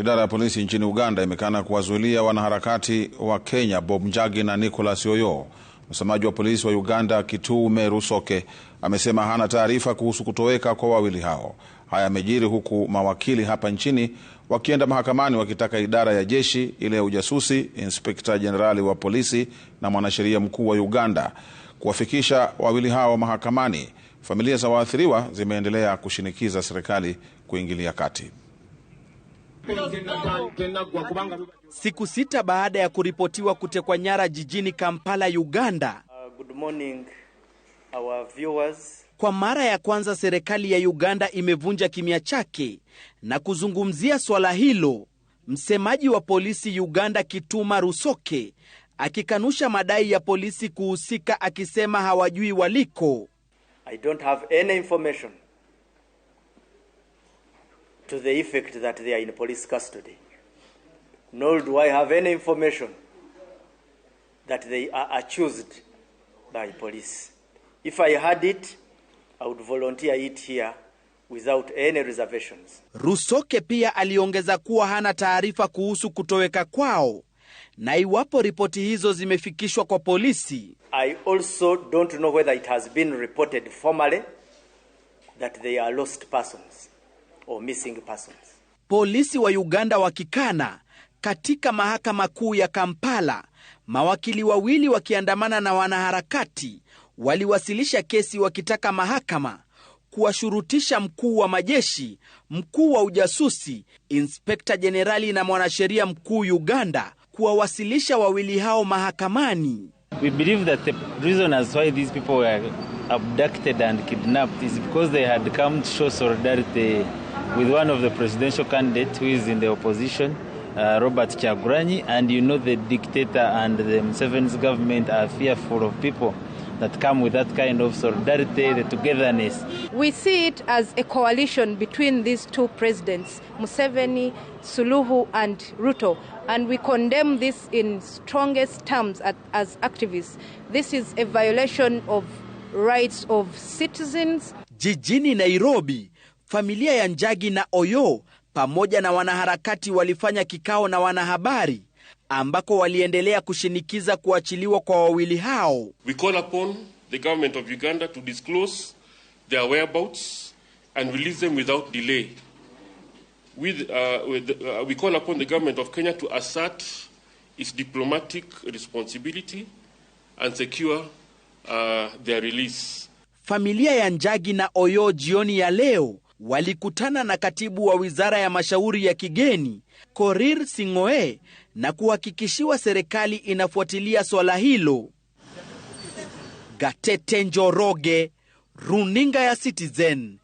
Idara ya polisi nchini Uganda imekana kuwazuilia wanaharakati wa Kenya Bob Njagi na Nicholas Yoyo. Msemaji wa polisi wa Uganda Kitume Rusoke amesema hana taarifa kuhusu kutoweka kwa wawili hao. Haya yamejiri huku mawakili hapa nchini wakienda mahakamani wakitaka idara ya jeshi, ile ya ujasusi, inspekta jenerali wa polisi na mwanasheria mkuu wa Uganda kuwafikisha wawili hao mahakamani. Familia za waathiriwa zimeendelea kushinikiza serikali kuingilia kati siku sita baada ya kuripotiwa kutekwa nyara jijini Kampala, Uganda. Uh, good morning, our viewers. Kwa mara ya kwanza serikali ya Uganda imevunja kimya chake na kuzungumzia swala hilo. Msemaji wa polisi Uganda Kituma Rusoke akikanusha madai ya polisi kuhusika akisema hawajui waliko. I don't have any information to the effect that they are in police custody. Nor do I have any information that they are accused by police. If I had it, I would volunteer it here without any reservations. Rusoke pia aliongeza kuwa hana taarifa kuhusu kutoweka kwao na iwapo ripoti hizo zimefikishwa kwa polisi. I also don't know whether it has been reported formally that they are lost persons or missing persons. Polisi wa Uganda wakikana katika mahakama kuu ya Kampala, mawakili wawili wakiandamana na wanaharakati waliwasilisha kesi wakitaka mahakama kuwashurutisha mkuu wa majeshi, mkuu wa ujasusi, inspekta jenerali na mwanasheria mkuu Uganda kuwawasilisha wawili hao mahakamani. We believe that the reason as why these people were abducted and kidnapped is because they had come to show solidarity with one of the presidential candidates who is in the opposition, uh, Robert Chagrani. and you know the dictator and the Museveni's government are fearful of people that come with that kind of solidarity, the togetherness. We see it as a coalition between these two presidents, Museveni, Suluhu, and Ruto, and we condemn this in strongest terms at, as activists. This is a violation of rights of citizens. Jijini Nairobi familia ya Njagi na Oyo pamoja na wanaharakati walifanya kikao na wanahabari ambako waliendelea kushinikiza kuachiliwa kwa wawili hao. We call upon the government of Uganda to disclose their whereabouts and release them without delay. With, uh, with, uh, we call upon the government of Kenya to assert its diplomatic responsibility and secure uh, their release. Familia ya Njagi na Oyo jioni ya leo walikutana na katibu wa wizara ya mashauri ya kigeni Korir Singoe na kuhakikishiwa serikali inafuatilia swala hilo. Gatete Njoroge, runinga ya Citizen.